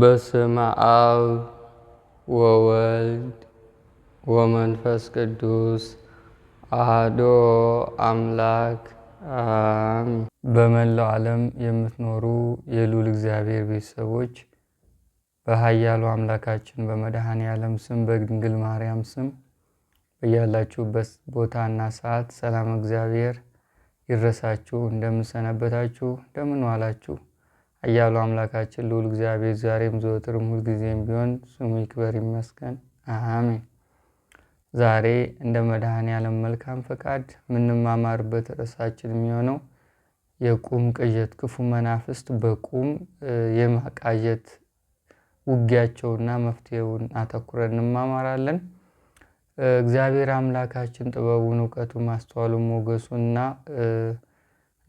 በስመ አብ ወወልድ ወመንፈስ ቅዱስ አሐዱ አምላክ አሜን። በመላው ዓለም የምትኖሩ የሉል እግዚአብሔር ቤተሰቦች በኃያሉ አምላካችን በመድኃኔ ዓለም ስም በድንግል ማርያም ስም በያላችሁበት ቦታና ሰዓት ሰላም እግዚአብሔር ይድረሳችሁ። እንደምንሰነበታችሁ እንደምንዋላችሁ ኃያሉ አምላካችን ልዑል እግዚአብሔር ዛሬም ዘወትርም ሁልጊዜም ቢሆን ስሙ ይክበር ይመስገን፣ አሜን። ዛሬ እንደ መድኃኔ ዓለም መልካም ፈቃድ የምንማማርበት ርዕሳችን የሚሆነው የቁም ቅዠት፣ ክፉ መናፍስት በቁም የማቃዠት ውጊያቸውና መፍትሄውን አተኩረን እንማማራለን። እግዚአብሔር አምላካችን ጥበቡን፣ እውቀቱን፣ ማስተዋሉን፣ ሞገሱና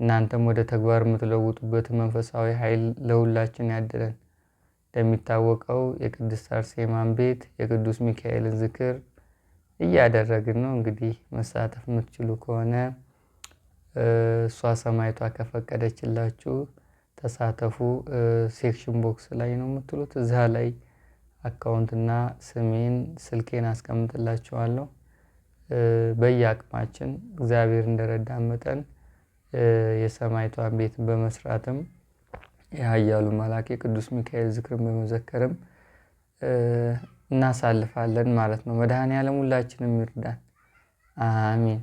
እናንተም ወደ ተግባር የምትለውጡበት መንፈሳዊ ኃይል ለሁላችን ያድለን። እንደሚታወቀው የቅድስት አርሴማን ቤት የቅዱስ ሚካኤልን ዝክር እያደረግን ነው። እንግዲህ መሳተፍ የምትችሉ ከሆነ እሷ ሰማይቷ ከፈቀደችላችሁ ተሳተፉ። ሴክሽን ቦክስ ላይ ነው የምትሉት፣ እዛ ላይ አካውንትና ስሜን ስልኬን አስቀምጥላችኋለሁ። በየአቅማችን እግዚአብሔር እንደረዳን መጠን የሰማይቷን ቤት በመስራትም የኃያሉ መልአክ የቅዱስ ሚካኤል ዝክርን በመዘከርም እናሳልፋለን ማለት ነው። መድኃኔ ዓለም ሁላችንም ይርዳን፣ አሚን።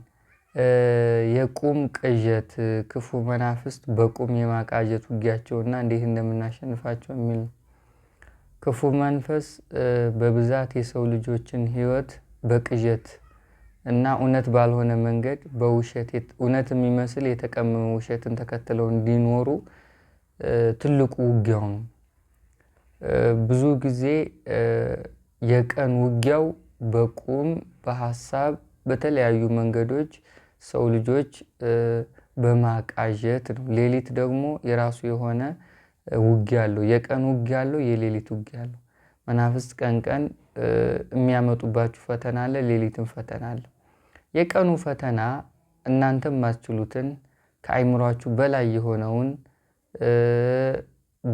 የቁም ቅዠት ክፉ መናፍስት በቁም የማቃዠት ውጊያቸውና እንዴት እንደምናሸንፋቸው የሚል ነው። ክፉ መንፈስ በብዛት የሰው ልጆችን ሕይወት በቅዠት እና እውነት ባልሆነ መንገድ በውሸት እውነት የሚመስል የተቀመመ ውሸትን ተከትለው እንዲኖሩ ትልቁ ውጊያው ነው። ብዙ ጊዜ የቀን ውጊያው በቁም በሀሳብ በተለያዩ መንገዶች ሰው ልጆች በማቃዠት ነው። ሌሊት ደግሞ የራሱ የሆነ ውጊያ አለው። የቀን ውጊያ አለው፣ የሌሊት ውጊያ አለው። መናፍስት ቀን ቀን የሚያመጡባችሁ ፈተና አለ፣ ሌሊትም ፈተና አለ። የቀኑ ፈተና እናንተም ማስችሉትን ከአይምሯችሁ በላይ የሆነውን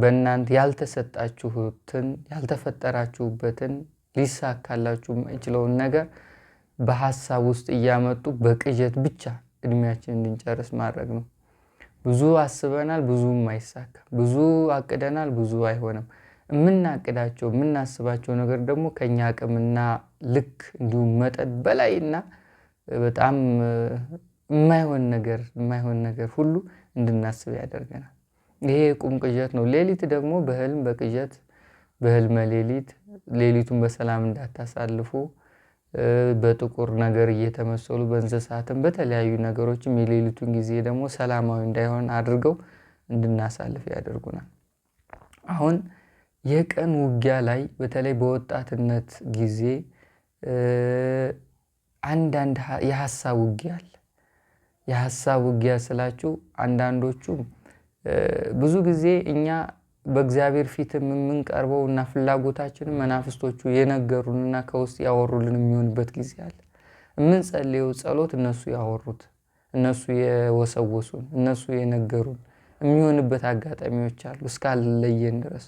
በእናንተ ያልተሰጣችሁትን ያልተፈጠራችሁበትን ሊሳካላችሁ የማይችለውን ነገር በሀሳብ ውስጥ እያመጡ በቅዠት ብቻ እድሜያችን እንድንጨርስ ማድረግ ነው። ብዙ አስበናል፣ ብዙም አይሳካ። ብዙ አቅደናል፣ ብዙ አይሆንም። የምናቅዳቸው የምናስባቸው ነገር ደግሞ ከእኛ አቅምና ልክ እንዲሁም መጠን በላይና በጣም የማይሆን ነገር የማይሆን ነገር ሁሉ እንድናስብ ያደርገናል። ይሄ የቁም ቅዠት ነው። ሌሊት ደግሞ በህልም በቅዠት በህልመ ሌሊት ሌሊቱን በሰላም እንዳታሳልፉ በጥቁር ነገር እየተመሰሉ በእንስሳትም በተለያዩ ነገሮችም የሌሊቱን ጊዜ ደግሞ ሰላማዊ እንዳይሆን አድርገው እንድናሳልፍ ያደርጉናል። አሁን የቀን ውጊያ ላይ በተለይ በወጣትነት ጊዜ አንዳንድ የሀሳብ ውጊያ አለ። የሀሳብ ውጊያ ስላችሁ አንዳንዶቹ ብዙ ጊዜ እኛ በእግዚአብሔር ፊት የምንቀርበው እና ፍላጎታችን መናፍስቶቹ የነገሩንና ከውስጥ ያወሩልን የሚሆንበት ጊዜ አለ። የምንጸልየው ጸሎት እነሱ ያወሩት፣ እነሱ የወሰወሱን፣ እነሱ የነገሩን የሚሆንበት አጋጣሚዎች አሉ እስካልለየን ድረስ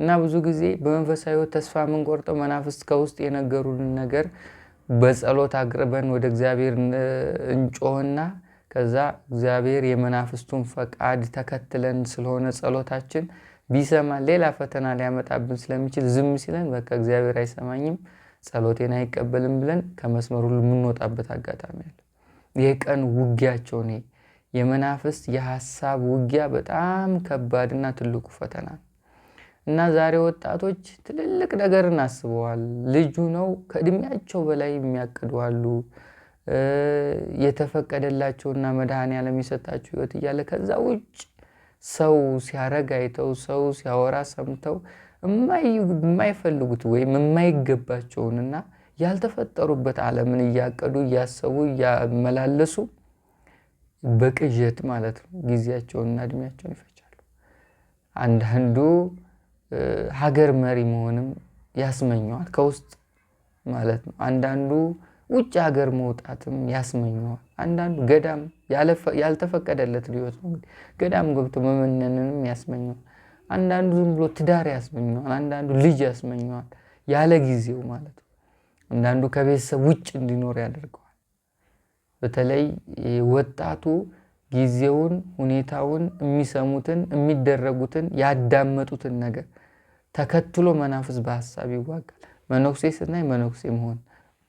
እና ብዙ ጊዜ በመንፈሳዊ ተስፋ የምንቆርጠው መናፍስት ከውስጥ የነገሩልን ነገር በጸሎት አቅርበን ወደ እግዚአብሔር እንጮህና ከዛ እግዚአብሔር የመናፍስቱን ፈቃድ ተከትለን ስለሆነ ጸሎታችን ቢሰማን ሌላ ፈተና ሊያመጣብን ስለሚችል ዝም ሲለን በቃ እግዚአብሔር አይሰማኝም፣ ጸሎቴን አይቀበልም ብለን ከመስመር የምንወጣበት አጋጣሚ አለ። ይህ ቀን ውጊያቸው ነ የመናፍስት የሀሳብ ውጊያ በጣም ከባድና ትልቁ ፈተና ነው። እና ዛሬ ወጣቶች ትልልቅ ነገርን አስበዋል። ልጅ ነው ከእድሜያቸው በላይ የሚያቅዱ አሉ። የተፈቀደላቸውና መድኃኔዓለም የሰጣቸው ህይወት እያለ ከዛ ውጭ ሰው ሲያረግ አይተው ሰው ሲያወራ ሰምተው የማይፈልጉት ወይም የማይገባቸውንና ያልተፈጠሩበት ዓለምን እያቀዱ እያሰቡ እያመላለሱ በቅዠት ማለት ነው ጊዜያቸውንና እድሜያቸውን ይፈጫሉ። አንዳንዱ ሀገር መሪ መሆንም ያስመኘዋል ከውስጥ ማለት ነው። አንዳንዱ ውጭ ሀገር መውጣትም ያስመኘዋል። አንዳንዱ ገዳም ያልተፈቀደለት ሊወት ነው ገዳም ገብቶ መመነንንም ያስመኘዋል። አንዳንዱ ዝም ብሎ ትዳር ያስመኘዋል። አንዳንዱ ልጅ ያስመኘዋል፣ ያለ ጊዜው ማለት ነው። አንዳንዱ ከቤተሰብ ውጭ እንዲኖር ያደርገዋል። በተለይ ወጣቱ ጊዜውን፣ ሁኔታውን፣ የሚሰሙትን፣ የሚደረጉትን ያዳመጡትን ነገር ተከትሎ መናፍስ በሀሳብ ይዋጋል። መነኩሴ ስናይ መነኩሴ መሆን፣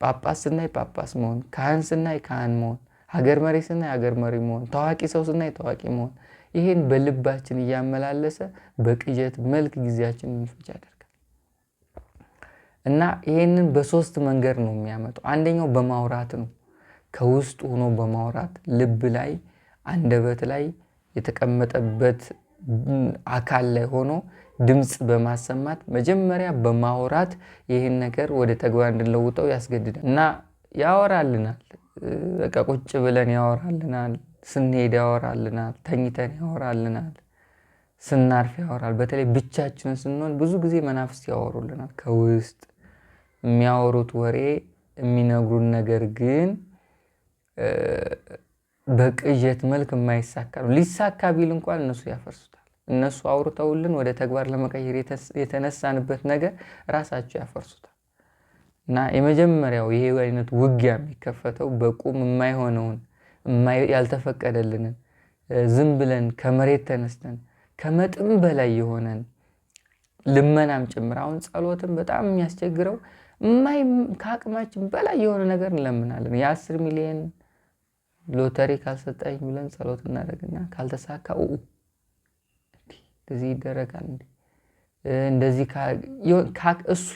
ጳጳስ ስናይ ጳጳስ መሆን፣ ካህን ስናይ ካህን መሆን፣ ሀገር መሪ ስናይ ሀገር መሪ መሆን፣ ታዋቂ ሰው ስናይ ታዋቂ መሆን፣ ይህን በልባችን እያመላለሰ በቅዠት መልክ ጊዜያችን እንፈጅ ያደርጋል እና ይህንን በሶስት መንገድ ነው የሚያመጣው። አንደኛው በማውራት ነው፣ ከውስጥ ሆኖ በማውራት ልብ ላይ አንደበት ላይ የተቀመጠበት አካል ላይ ሆኖ ድምፅ በማሰማት መጀመሪያ በማውራት ይህን ነገር ወደ ተግባር እንድንለውጠው ያስገድዳል እና ያወራልናል። በቃ ቁጭ ብለን ያወራልናል፣ ስንሄድ ያወራልናል፣ ተኝተን ያወራልናል፣ ስናርፍ ያወራል። በተለይ ብቻችንን ስንሆን ብዙ ጊዜ መናፍስት ያወሩልናል ከውስጥ የሚያወሩት ወሬ የሚነግሩን ነገር ግን በቅዠት መልክ የማይሳካ ነው። ሊሳካ ቢል እንኳን እነሱ ያፈርሱታል። እነሱ አውርተውልን ወደ ተግባር ለመቀየር የተነሳንበት ነገር ራሳቸው ያፈርሱታል። እና የመጀመሪያው ይሄ አይነት ውጊያ የሚከፈተው በቁም የማይሆነውን ያልተፈቀደልንን ዝም ብለን ከመሬት ተነስተን ከመጥም በላይ የሆነን ልመናም ጭምር አሁን ጸሎትን በጣም የሚያስቸግረው ከአቅማችን በላይ የሆነ ነገር እንለምናለን የአስር ሚሊዮን ሎተሪ ካልሰጠኝ ብለን ጸሎት እናደርግና ካልተሳካ እንደዚህ ይደረጋል እንደዚህ እሱ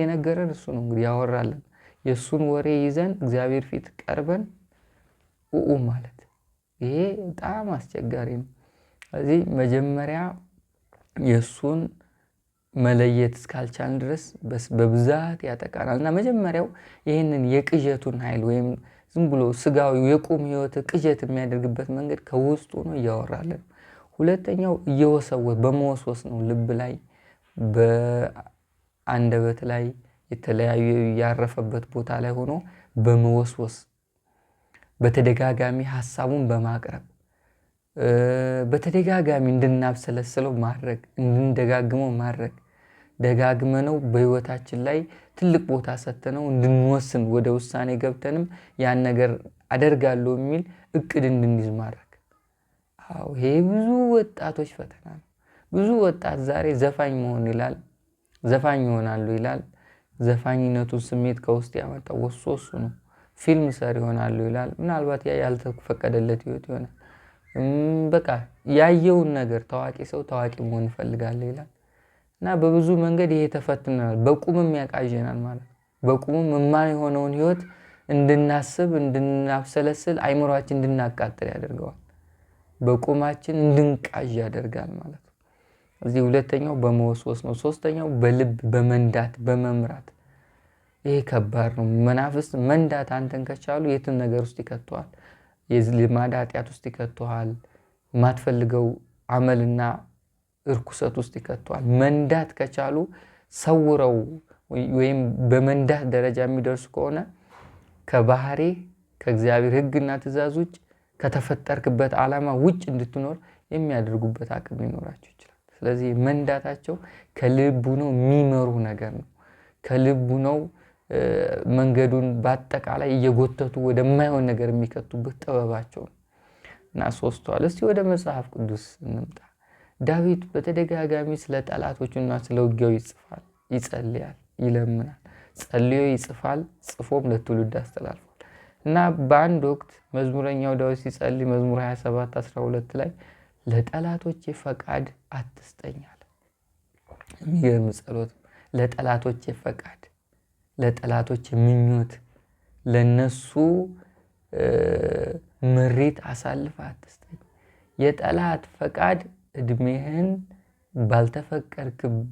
የነገረን እሱ ነው እንግዲህ ያወራለን። የእሱን ወሬ ይዘን እግዚአብሔር ፊት ቀርበን ኡ ማለት ይሄ በጣም አስቸጋሪ ነው። ስለዚህ መጀመሪያ የእሱን መለየት እስካልቻልን ድረስ በብዛት ያጠቃናል እና መጀመሪያው ይህንን የቅዠቱን ኃይል ወይም ዝም ብሎ ስጋዊ የቁም ህይወት ቅዠት የሚያደርግበት መንገድ ከውስጡ ነው እያወራለን። ሁለተኛው እየወሰወስ በመወስወስ ነው። ልብ ላይ በአንደበት ላይ የተለያዩ ያረፈበት ቦታ ላይ ሆኖ በመወስወስ በተደጋጋሚ ሀሳቡን በማቅረብ በተደጋጋሚ እንድናብሰለስለው ማድረግ እንድንደጋግመው ማድረግ ደጋግመነው በህይወታችን ላይ ትልቅ ቦታ ሰጥተነው እንድንወስን ወደ ውሳኔ ገብተንም ያን ነገር አደርጋለሁ የሚል እቅድ እንድንይዝ ማድረግ። አዎ ይሄ ብዙ ወጣቶች ፈተና ነው። ብዙ ወጣት ዛሬ ዘፋኝ መሆን ይላል፣ ዘፋኝ ይሆናሉ ይላል። ዘፋኝነቱን ስሜት ከውስጥ ያመጣው ወሶ እሱ ነው። ፊልም ሰር ይሆናሉ ይላል። ምናልባት ያ ያልተፈቀደለት ህይወት ይሆናል። በቃ ያየውን ነገር ታዋቂ ሰው ታዋቂ መሆን ይፈልጋል ይላል። እና በብዙ መንገድ ይሄ ተፈትነናል። በቁምም ያቃዥናል ማለት በቁምም መማር የሆነውን ህይወት እንድናስብ እንድናብሰለስል አይምሯችን እንድናቃጥል ያደርገዋል። በቁማችን እንድንቃዥ ያደርጋል ማለት ነው። እዚህ ሁለተኛው በመወስወስ ነው። ሶስተኛው በልብ በመንዳት በመምራት ይሄ ከባድ ነው። መናፍስት መንዳት አንተን ከቻሉ የትም ነገር ውስጥ ይከተዋል። የልማድ ኃጢአት ውስጥ ይከተዋል። የማትፈልገው አመልና እርኩሰት ውስጥ ይከተዋል። መንዳት ከቻሉ ሰውረው ወይም በመንዳት ደረጃ የሚደርሱ ከሆነ ከባህሪ ከእግዚአብሔር ሕግና ትእዛዝ ውጭ ከተፈጠርክበት ዓላማ ውጭ እንድትኖር የሚያደርጉበት አቅም ሊኖራቸው ይችላል። ስለዚህ መንዳታቸው ከልቡ ነው የሚመሩ ነገር ነው። ከልቡ ነው መንገዱን በአጠቃላይ እየጎተቱ ወደማይሆን ነገር የሚከቱበት ጥበባቸው ነው እና ሶስቷል። እስቲ ወደ መጽሐፍ ቅዱስ እንምጣ። ዳዊት በተደጋጋሚ ስለ ጠላቶቹና ስለ ውጊያው ይጽፋል፣ ይጸልያል፣ ይለምናል፣ ጸልዮ ይጽፋል፣ ጽፎም ለትውልድ አስተላልፏል እና በአንድ ወቅት መዝሙረኛው ዳዊት ሲጸልይ መዝሙር 27 12 ላይ ለጠላቶቼ ፈቃድ አትስጠኛል። የሚገርም ጸሎት። ለጠላቶቼ ፈቃድ፣ ለጠላቶቼ ምኞት፣ ለነሱ ምሪት አሳልፈ አትስጠኝ። የጠላት ፈቃድ እድሜህን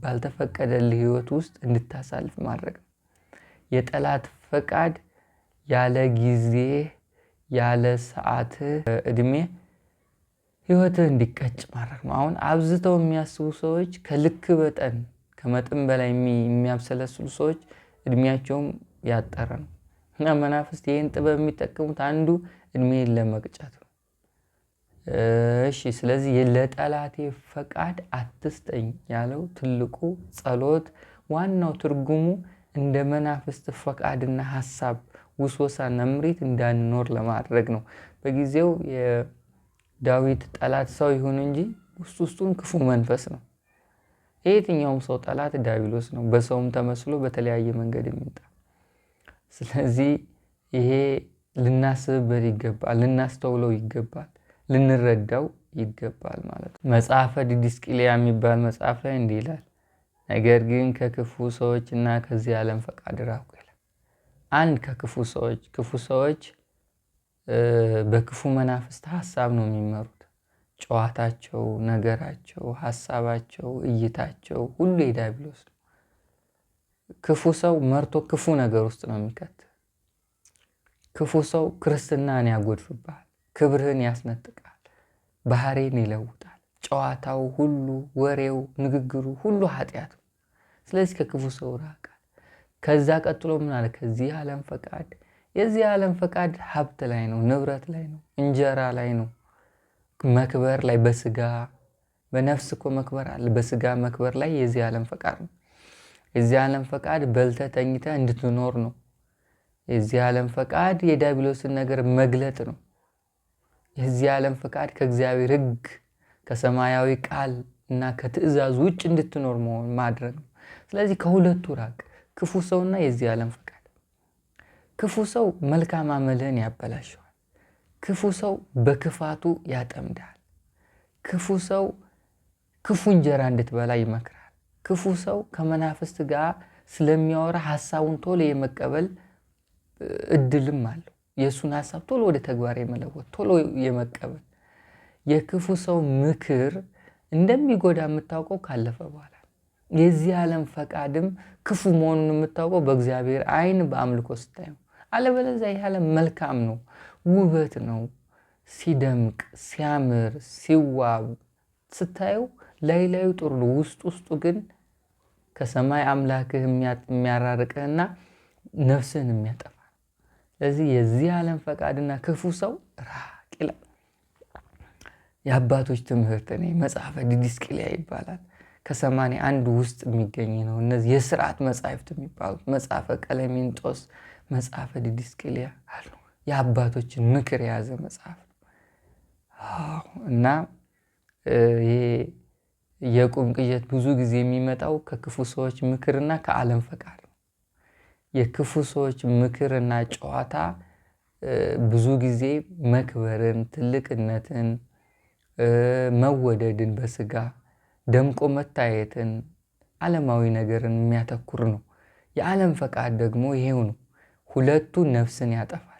ባልተፈቀደልህ ህይወት ውስጥ እንድታሳልፍ ማድረግ ነው። የጠላት ፈቃድ ያለ ጊዜ ያለ ሰዓት እድሜ ህይወትህ እንዲቀጭ ማድረግ ነው። አሁን አብዝተው የሚያስቡ ሰዎች ከልክ በጠን ከመጠን በላይ የሚያብሰለስሉ ሰዎች እድሜያቸውም ያጠረ ነው እና መናፍስት ይህን ጥበብ የሚጠቀሙት አንዱ እድሜን ለመቅጨት ነው። እሺ ስለዚህ ለጠላቴ ፈቃድ አትስጠኝ ያለው ትልቁ ጸሎት ዋናው ትርጉሙ እንደ መናፍስት ፈቃድና ሀሳብ ውስወሳና ምሪት እንዳንኖር ለማድረግ ነው። በጊዜው የዳዊት ጠላት ሰው ይሁን እንጂ ውስጥ ውስጡን ክፉ መንፈስ ነው። የየትኛውም ሰው ጠላት ዲያብሎስ ነው፣ በሰውም ተመስሎ በተለያየ መንገድ የሚመጣ ስለዚህ ይሄ ልናስብበት ይገባል፣ ልናስተውለው ይገባል። ልንረዳው ይገባል ማለት ነው። መጽሐፈ ዲድስቅልያ የሚባል መጽሐፍ ላይ እንዲህ ይላል፣ ነገር ግን ከክፉ ሰዎች እና ከዚህ ዓለም ፈቃድ ራቁ ይላል። አንድ ከክፉ ሰዎች ክፉ ሰዎች በክፉ መናፍስት ሀሳብ ነው የሚመሩት። ጨዋታቸው፣ ነገራቸው፣ ሀሳባቸው፣ እይታቸው ሁሉ የዲያብሎስ ነው። ክፉ ሰው መርቶ ክፉ ነገር ውስጥ ነው የሚከት። ክፉ ሰው ክርስትናን ያጎድፍብሃል። ክብርህን ያስነጥቃል፣ ባህሬን ይለውጣል። ጨዋታው ሁሉ፣ ወሬው፣ ንግግሩ ሁሉ ኃጢአት ነው። ስለዚህ ከክፉ ሰው ራቃል። ከዛ ቀጥሎ ምን አለ? ከዚህ ዓለም ፈቃድ የዚህ ዓለም ፈቃድ ሀብት ላይ ነው፣ ንብረት ላይ ነው፣ እንጀራ ላይ ነው፣ መክበር ላይ በስጋ በነፍስ እኮ መክበር አለ። በስጋ መክበር ላይ የዚህ ዓለም ፈቃድ ነው። የዚህ ዓለም ፈቃድ በልተ ተኝተ እንድትኖር ነው። የዚህ ዓለም ፈቃድ የዲያብሎስን ነገር መግለጥ ነው። የዚህ ዓለም ፈቃድ ከእግዚአብሔር ሕግ ከሰማያዊ ቃል እና ከትእዛዝ ውጭ እንድትኖር መሆን ማድረግ ነው። ስለዚህ ከሁለቱ ራቅ፣ ክፉ ሰውና የዚህ ዓለም ፍቃድ። ክፉ ሰው መልካም አመልህን ያበላሸዋል። ክፉ ሰው በክፋቱ ያጠምዳል። ክፉ ሰው ክፉ እንጀራ እንድትበላ ይመክራል። ክፉ ሰው ከመናፍስት ጋር ስለሚያወራ ሀሳቡን ቶሎ የመቀበል እድልም አለው። የእሱን ሀሳብ ቶሎ ወደ ተግባር የመለወጥ ቶሎ የመቀበል የክፉ ሰው ምክር እንደሚጎዳ የምታውቀው ካለፈ በኋላ የዚህ ዓለም ፈቃድም ክፉ መሆኑን የምታውቀው በእግዚአብሔር ዓይን በአምልኮ ስታይ ነው። አለበለዚያ ይህ ዓለም መልካም ነው፣ ውበት ነው። ሲደምቅ ሲያምር ሲዋብ ስታየው ላይ ላዩ ጥሩ ነው፣ ውስጥ ውስጡ ግን ከሰማይ አምላክህ የሚያራርቅህና ነፍስህን የሚያጠፋ ስለዚህ የዚህ ዓለም ፈቃድና ክፉ ሰው ራቅ ይላል። የአባቶች ትምህርት እኔ መጽሐፈ ዲድስቅልያ ይባላል። ከሰማንያ አንድ ውስጥ የሚገኝ ነው። እነዚህ የስርዓት መጽሐፍት የሚባሉት መጽሐፈ ቀለሚንጦስ፣ መጽሐፈ ዲድስቅልያ አሉ። የአባቶችን ምክር የያዘ መጽሐፍ እና ይሄ የቁም ቅዠት ብዙ ጊዜ የሚመጣው ከክፉ ሰዎች ምክርና ከዓለም ፈቃድ የክፉ ሰዎች ምክርና ጨዋታ ብዙ ጊዜ መክበርን፣ ትልቅነትን፣ መወደድን፣ በስጋ ደምቆ መታየትን፣ ዓለማዊ ነገርን የሚያተኩር ነው። የዓለም ፈቃድ ደግሞ ይሄው ነው። ሁለቱ ነፍስን ያጠፋሉ፣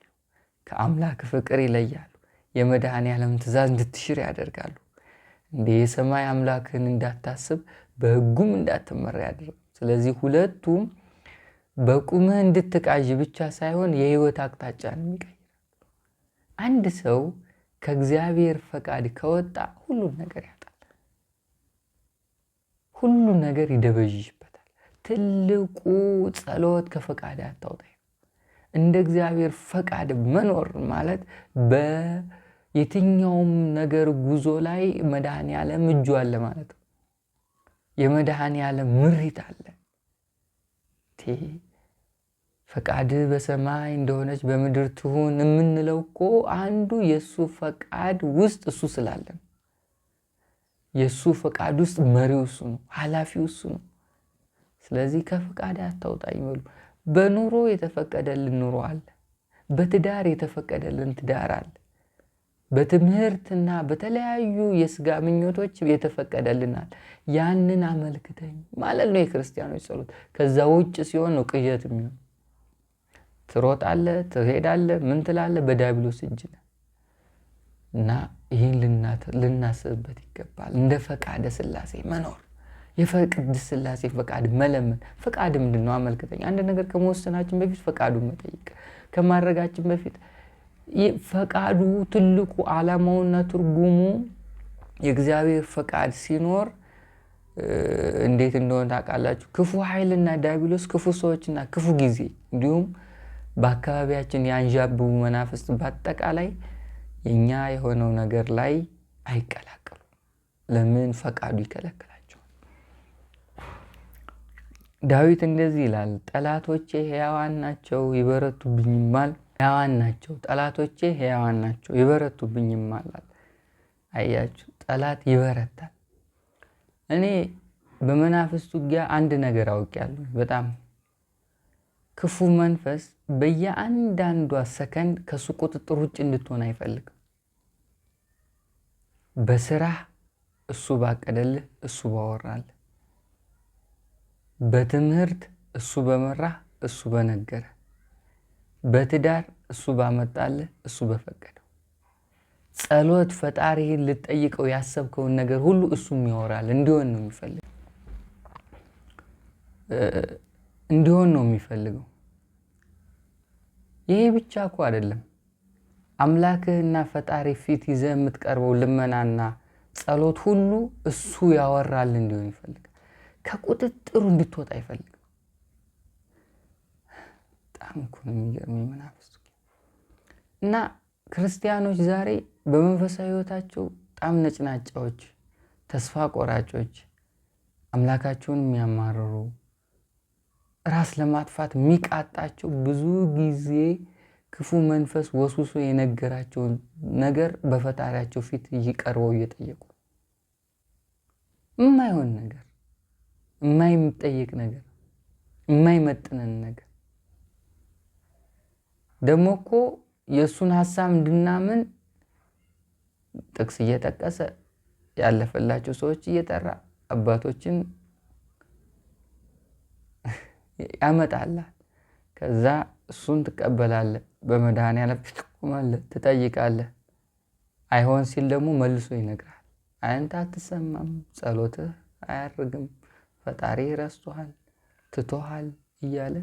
ከአምላክ ፍቅር ይለያሉ፣ የመድኃኔ ዓለም ትእዛዝ እንድትሽር ያደርጋሉ። እንደ የሰማይ አምላክን እንዳታስብ በሕጉም እንዳትመራ ያደርጋል። ስለዚህ ሁለቱም በቁምህ እንድትቃዥ ብቻ ሳይሆን የህይወት ነው የሚቀይር አንድ ሰው ከእግዚአብሔር ፈቃድ ከወጣ ሁሉን ነገር ያጣል፣ ሁሉን ነገር ይደበዥበታል። ትልቁ ጸሎት ከፈቃድ አታውጣ። እንደ እግዚአብሔር ፈቃድ መኖር ማለት በየትኛውም ነገር ጉዞ ላይ መድኃኔ ዓለም እጁ አለ ማለት ነው። የመድኃኔ ያለም ምሪት አለ። ፈቃድ በሰማይ እንደሆነች በምድር ትሁን የምንለው እኮ አንዱ የእሱ ፈቃድ ውስጥ እሱ ስላለን የእሱ ፈቃድ ውስጥ መሪው እሱ ነው፣ ኃላፊው እሱ ነው። ስለዚህ ከፈቃድ አታውጣኝ በሉ። በኑሮ የተፈቀደልን ኑሮ አለ። በትዳር የተፈቀደልን ትዳር አለ። በትምህርትና በተለያዩ የስጋ ምኞቶች የተፈቀደልናል። ያንን አመልክተኝ ማለት ነው የክርስቲያኖች ጸሎት። ከዛ ውጭ ሲሆን ነው ቅዠት የሚሆን ትሮጣለህ፣ ትሄዳለህ፣ ምን ትላለህ? በዲያብሎስ እጅ ነህ እና ይህን ልናስብበት ይገባል። እንደ ፈቃደ ስላሴ መኖር የፈቅድ ስላሴ ፈቃድ መለመን። ፈቃድ ምንድን ነው? አመልክተኝ። አንድ ነገር ከመወሰናችን በፊት ፈቃዱን መጠየቅ ከማድረጋችን በፊት ፈቃዱ ትልቁ ዓላማውና ትርጉሙ የእግዚአብሔር ፈቃድ ሲኖር እንዴት እንደሆነ ታውቃላችሁ። ክፉ ኃይልና ዲያብሎስ ክፉ ሰዎችና ክፉ ጊዜ እንዲሁም በአካባቢያችን የአንዣቡ መናፍስት በአጠቃላይ የእኛ የሆነው ነገር ላይ አይቀላቀሉም። ለምን? ፈቃዱ ይከለክላቸዋል። ዳዊት እንደዚህ ይላል፣ ጠላቶቼ ሕያዋን ናቸው ይበረቱብኝማል። ሕያዋን ናቸው ጠላቶቼ ሕያዋን ናቸው ይበረቱብኝማል። አያችሁ፣ ጠላት ይበረታል። እኔ በመናፍስት ውጊያ አንድ ነገር አውቄያለሁ በጣም ክፉ መንፈስ በየአንዳንዷ ሰከንድ ከእሱ ቁጥጥር ውጭ እንድትሆን አይፈልግም። በስራህ እሱ ባቀደልህ፣ እሱ ባወራልህ፣ በትምህርት እሱ በመራህ፣ እሱ በነገረ በትዳር እሱ ባመጣልህ፣ እሱ በፈቀደው ጸሎት ፈጣሪህን ልትጠይቀው ያሰብከውን ነገር ሁሉ እሱም ያወራል። እንዲሆን ነው የሚፈልግ እንዲሆን ነው የሚፈልገው። ይሄ ብቻ እኮ አይደለም። አምላክህና ፈጣሪ ፊት ይዘህ የምትቀርበው ልመናና ጸሎት ሁሉ እሱ ያወራል እንዲሆን ይፈልጋል። ከቁጥጥሩ እንድትወጣ አይፈልግም። በጣም እኮ ነው የሚገርመኝ መናፍስ እና ክርስቲያኖች ዛሬ በመንፈሳዊ ህይወታቸው በጣም ነጭናጫዎች፣ ተስፋ ቆራጮች፣ አምላካቸውን የሚያማርሩ ራስ ለማጥፋት የሚቃጣቸው ብዙ ጊዜ ክፉ መንፈስ ወስውሶ የነገራቸውን ነገር በፈጣሪያቸው ፊት እየቀርበው እየጠየቁ እማይሆን ነገር፣ የማይጠየቅ ነገር፣ የማይመጥነን ነገር ደግሞ እኮ የእሱን ሀሳብ እንድናምን ጥቅስ እየጠቀሰ ያለፈላቸው ሰዎች እየጠራ አባቶችን ያመጣላል። ከዛ እሱን ትቀበላለህ። በመድኃኒዓለም ትቆማለህ፣ ትጠይቃለህ። አይሆን ሲል ደግሞ መልሶ ይነግራል። አንተ አትሰማም፣ ጸሎትህ አያርግም፣ ፈጣሪ ረስቶሃል፣ ትቶሃል እያለ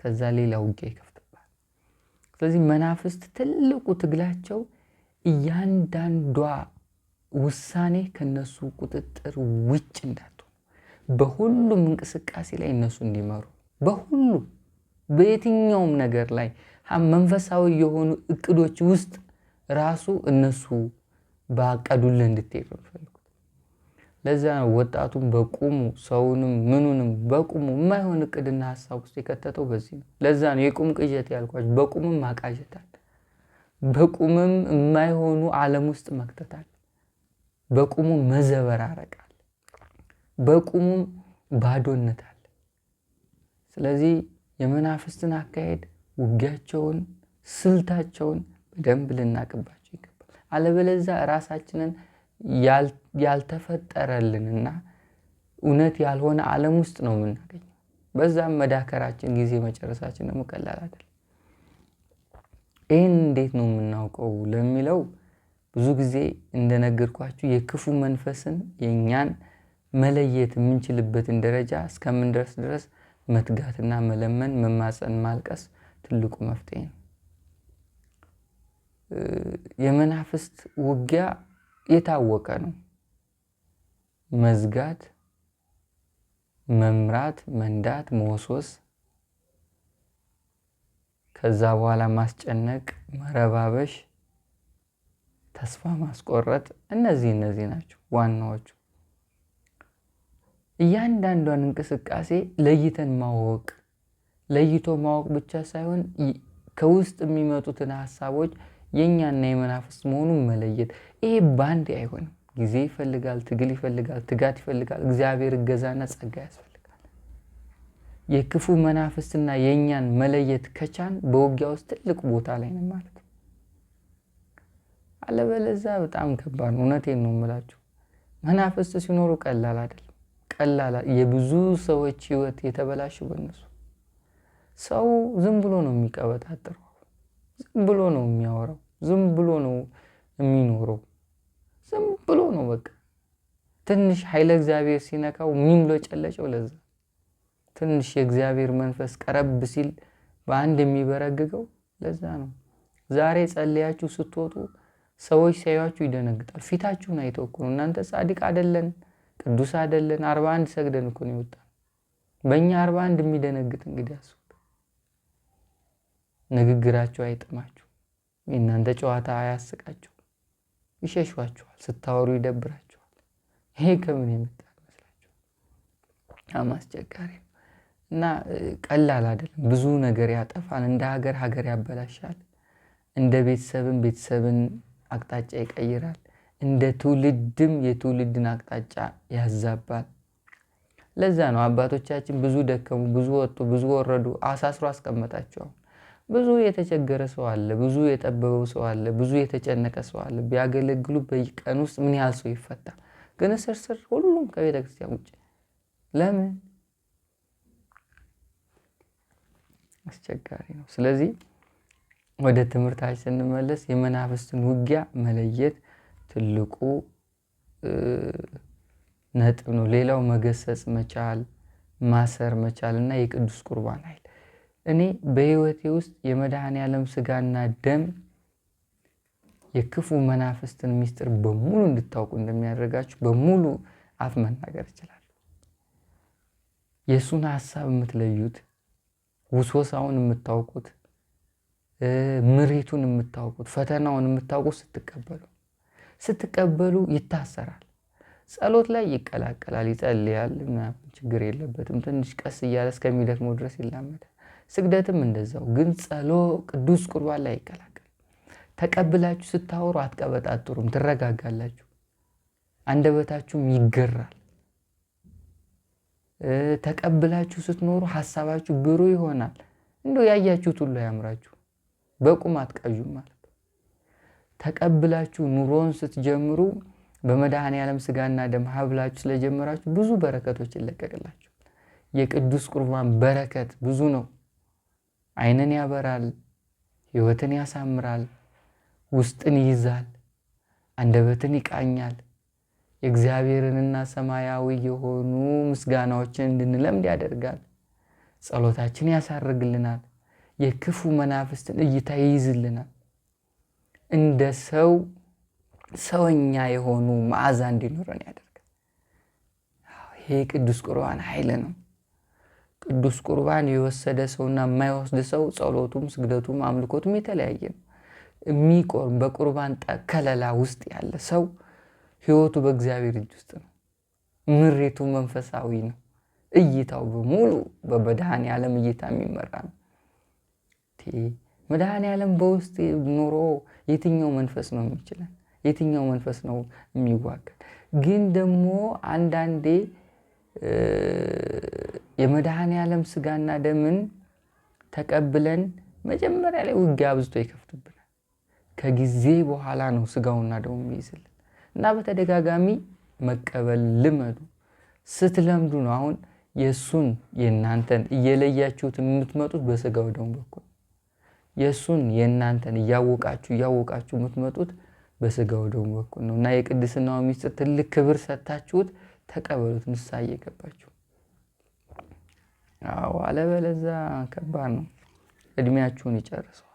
ከዛ ሌላ ውጊያ ይከፍትባል። ስለዚህ መናፍስት ትልቁ ትግላቸው እያንዳንዷ ውሳኔ ከነሱ ቁጥጥር ውጭ እንዳለ በሁሉም እንቅስቃሴ ላይ እነሱ እንዲመሩ በሁሉም በየትኛውም ነገር ላይ መንፈሳዊ የሆኑ እቅዶች ውስጥ ራሱ እነሱ ባቀዱልን እንድትሄድ ነው የሚፈልጉት። ለዛ ነው ወጣቱም በቁሙ ሰውንም ምኑንም በቁሙ የማይሆን እቅድና ሀሳብ ውስጥ የከተተው በዚህ ነው። ለዛ ነው የቁም ቅዠት ያልኳቸው። በቁምም ማቃዠታል፣ በቁምም የማይሆኑ ዓለም ውስጥ መክተታል፣ በቁሙ መዘበራረቃል። በቁሙም ባዶነት አለ። ስለዚህ የመናፍስትን አካሄድ፣ ውጊያቸውን፣ ስልታቸውን በደንብ ልናቅባቸው ይገባል። አለበለዛ ራሳችንን ያልተፈጠረልንና እውነት ያልሆነ ዓለም ውስጥ ነው የምናገኘው። በዛም መዳከራችን ጊዜ መጨረሳችን ደግሞ ቀላል አይደለም። ይህን እንዴት ነው የምናውቀው ለሚለው ብዙ ጊዜ እንደነገርኳችሁ የክፉ መንፈስን የእኛን መለየት የምንችልበትን ደረጃ እስከምንደርስ ድረስ መትጋትና መለመን፣ መማፀን፣ ማልቀስ ትልቁ መፍትሄ ነው። የመናፍስት ውጊያ የታወቀ ነው። መዝጋት፣ መምራት፣ መንዳት፣ መወሶስ፣ ከዛ በኋላ ማስጨነቅ፣ መረባበሽ፣ ተስፋ ማስቆረጥ፣ እነዚህ እነዚህ ናቸው ዋናዎቹ። እያንዳንዷን እንቅስቃሴ ለይተን ማወቅ ለይቶ ማወቅ ብቻ ሳይሆን ከውስጥ የሚመጡትን ሀሳቦች የእኛና የመናፍስት መሆኑን መለየት። ይሄ በአንዴ አይሆንም። ጊዜ ይፈልጋል፣ ትግል ይፈልጋል፣ ትጋት ይፈልጋል፣ እግዚአብሔር እገዛና ጸጋ ያስፈልጋል። የክፉ መናፍስትና የእኛን መለየት ከቻን በውጊያ ውስጥ ትልቅ ቦታ ላይ ነው ማለት ነው። አለበለዛ በጣም ከባድ ነው። እውነቴን ነው የምላችሁ፣ መናፍስት ሲኖሩ ቀላል አይደለም። ቀላል የብዙ ሰዎች ህይወት የተበላሸው በእነሱ። ሰው ዝም ብሎ ነው የሚቀበጣጥረው፣ ዝም ብሎ ነው የሚያወራው፣ ዝም ብሎ ነው የሚኖረው፣ ዝም ብሎ ነው በቃ። ትንሽ ኃይለ እግዚአብሔር ሲነካው ብሎ ጨለጨው። ለዛ ትንሽ የእግዚአብሔር መንፈስ ቀረብ ሲል በአንድ የሚበረግገው ለዛ ነው። ዛሬ ጸልያችሁ ስትወጡ ሰዎች ሲያዩችሁ ይደነግጣል። ፊታችሁን አይተው ነው እናንተ ጻድቅ አደለን። ቅዱስ አይደለን? አርባ አንድ ሰግደን እኮ ነው ይወጣ በእኛ አርባ አንድ የሚደነግጥ እንግዲህ አስቡት። ንግግራቸው አይጥማችሁ፣ የእናንተ ጨዋታ አያስቃችሁ፣ ይሸሿችኋል፣ ስታወሩ ይደብራችኋል። ይሄ ከምን የመጣ ይመስላችኋል? በጣም አስቸጋሪ ነው እና ቀላል አይደለም። ብዙ ነገር ያጠፋል፣ እንደ ሀገር ሀገር ያበላሻል፣ እንደ ቤተሰብን ቤተሰብን አቅጣጫ ይቀይራል። እንደ ትውልድም የትውልድን አቅጣጫ ያዛባል። ለዛ ነው አባቶቻችን ብዙ ደከሙ፣ ብዙ ወጡ፣ ብዙ ወረዱ አሳስሮ አስቀመጣቸው። ብዙ የተቸገረ ሰው አለ፣ ብዙ የጠበበው ሰው አለ፣ ብዙ የተጨነቀ ሰው አለ። ቢያገለግሉ በቀን ውስጥ ምን ያህል ሰው ይፈታል? ግን ስርስር ሁሉም ከቤተ ክርስቲያን ውጭ ለምን? አስቸጋሪ ነው። ስለዚህ ወደ ትምህርታችን ስንመለስ የመናፍስትን ውጊያ መለየት ትልቁ ነጥብ ነው። ሌላው መገሰጽ መቻል፣ ማሰር መቻል እና የቅዱስ ቁርባን ኃይል እኔ በህይወቴ ውስጥ የመድኃኔ ዓለም ስጋና ደም የክፉ መናፍስትን ምስጢር በሙሉ እንድታውቁ እንደሚያደርጋችሁ በሙሉ አፍ መናገር ይችላል። የእሱን ሀሳብ የምትለዩት፣ ውስወሳውን የምታውቁት፣ ምሬቱን የምታውቁት፣ ፈተናውን የምታውቁት ስትቀበሉ ስትቀበሉ ይታሰራል። ጸሎት ላይ ይቀላቀላል፣ ይጸልያል፣ ምናምን ችግር የለበትም። ትንሽ ቀስ እያለ እስከሚደክመው ድረስ ይላመዳል። ስግደትም እንደዛው። ግን ጸሎ ቅዱስ ቁርባን ላይ ይቀላቀል። ተቀብላችሁ ስታወሩ አትቀበጣጥሩም፣ ትረጋጋላችሁ፣ አንደበታችሁም ይገራል። ተቀብላችሁ ስትኖሩ ሀሳባችሁ ብሩህ ይሆናል። እንደው ያያችሁት ሁሉ ያምራችሁ። በቁም አትቃዡም ማለት ተቀብላችሁ ኑሮን ስትጀምሩ በመድኃኔ ዓለም ስጋና ደም ሀብላችሁ ስለጀመራችሁ ብዙ በረከቶች ይለቀቅላችሁ። የቅዱስ ቁርባን በረከት ብዙ ነው። ዓይንን ያበራል፣ ሕይወትን ያሳምራል፣ ውስጥን ይይዛል፣ አንደበትን ይቃኛል። የእግዚአብሔርንና ሰማያዊ የሆኑ ምስጋናዎችን እንድንለምድ ያደርጋል። ጸሎታችን ያሳርግልናል። የክፉ መናፍስትን እይታ ይይዝልናል። እንደ ሰው ሰውኛ የሆኑ መዓዛ እንዲኖረን ያደርጋል። ይሄ ቅዱስ ቁርባን ኃይል ነው። ቅዱስ ቁርባን የወሰደ ሰውና የማይወስድ ሰው ጸሎቱም፣ ስግደቱም፣ አምልኮቱም የተለያየ ነው። የሚቆርም በቁርባን ከለላ ውስጥ ያለ ሰው ህይወቱ በእግዚአብሔር እጅ ውስጥ ነው። ምሬቱ መንፈሳዊ ነው። እይታው በሙሉ በበድሃን ያለም እይታ የሚመራ ነው። መድኃኔ ዓለም በውስጥ ኑሮ የትኛው መንፈስ ነው የሚችለን? የትኛው መንፈስ ነው የሚዋገድ? ግን ደግሞ አንዳንዴ የመድኃኔ ዓለም ስጋና ደምን ተቀብለን መጀመሪያ ላይ ውጊያ አብዝቶ ይከፍትብናል። ከጊዜ በኋላ ነው ስጋውና ደሙ የሚይዝልን እና በተደጋጋሚ መቀበል ልመዱ። ስትለምዱ ነው አሁን የእሱን የእናንተን እየለያችሁት የምትመጡት በስጋው ደሙ በኩል የእሱን የእናንተን እያወቃችሁ እያወቃችሁ የምትመጡት በስጋው ደሙ በኩል ነው እና የቅድስናው ሚስጥር ትልቅ ክብር ሰጥታችሁት ተቀበሉት። ንስሐ እየገባችሁ አዎ፣ አለበለዛ ከባድ ነው፣ እድሜያችሁን ይጨርሰዋል።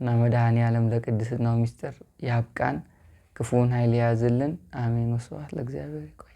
እና መድኃኔ ዓለም ለቅድስናው ሚስጥር ያብቃን፣ ክፉውን ኃይል የያዝልን። አሜን። ወስብሐት ለእግዚአብሔር።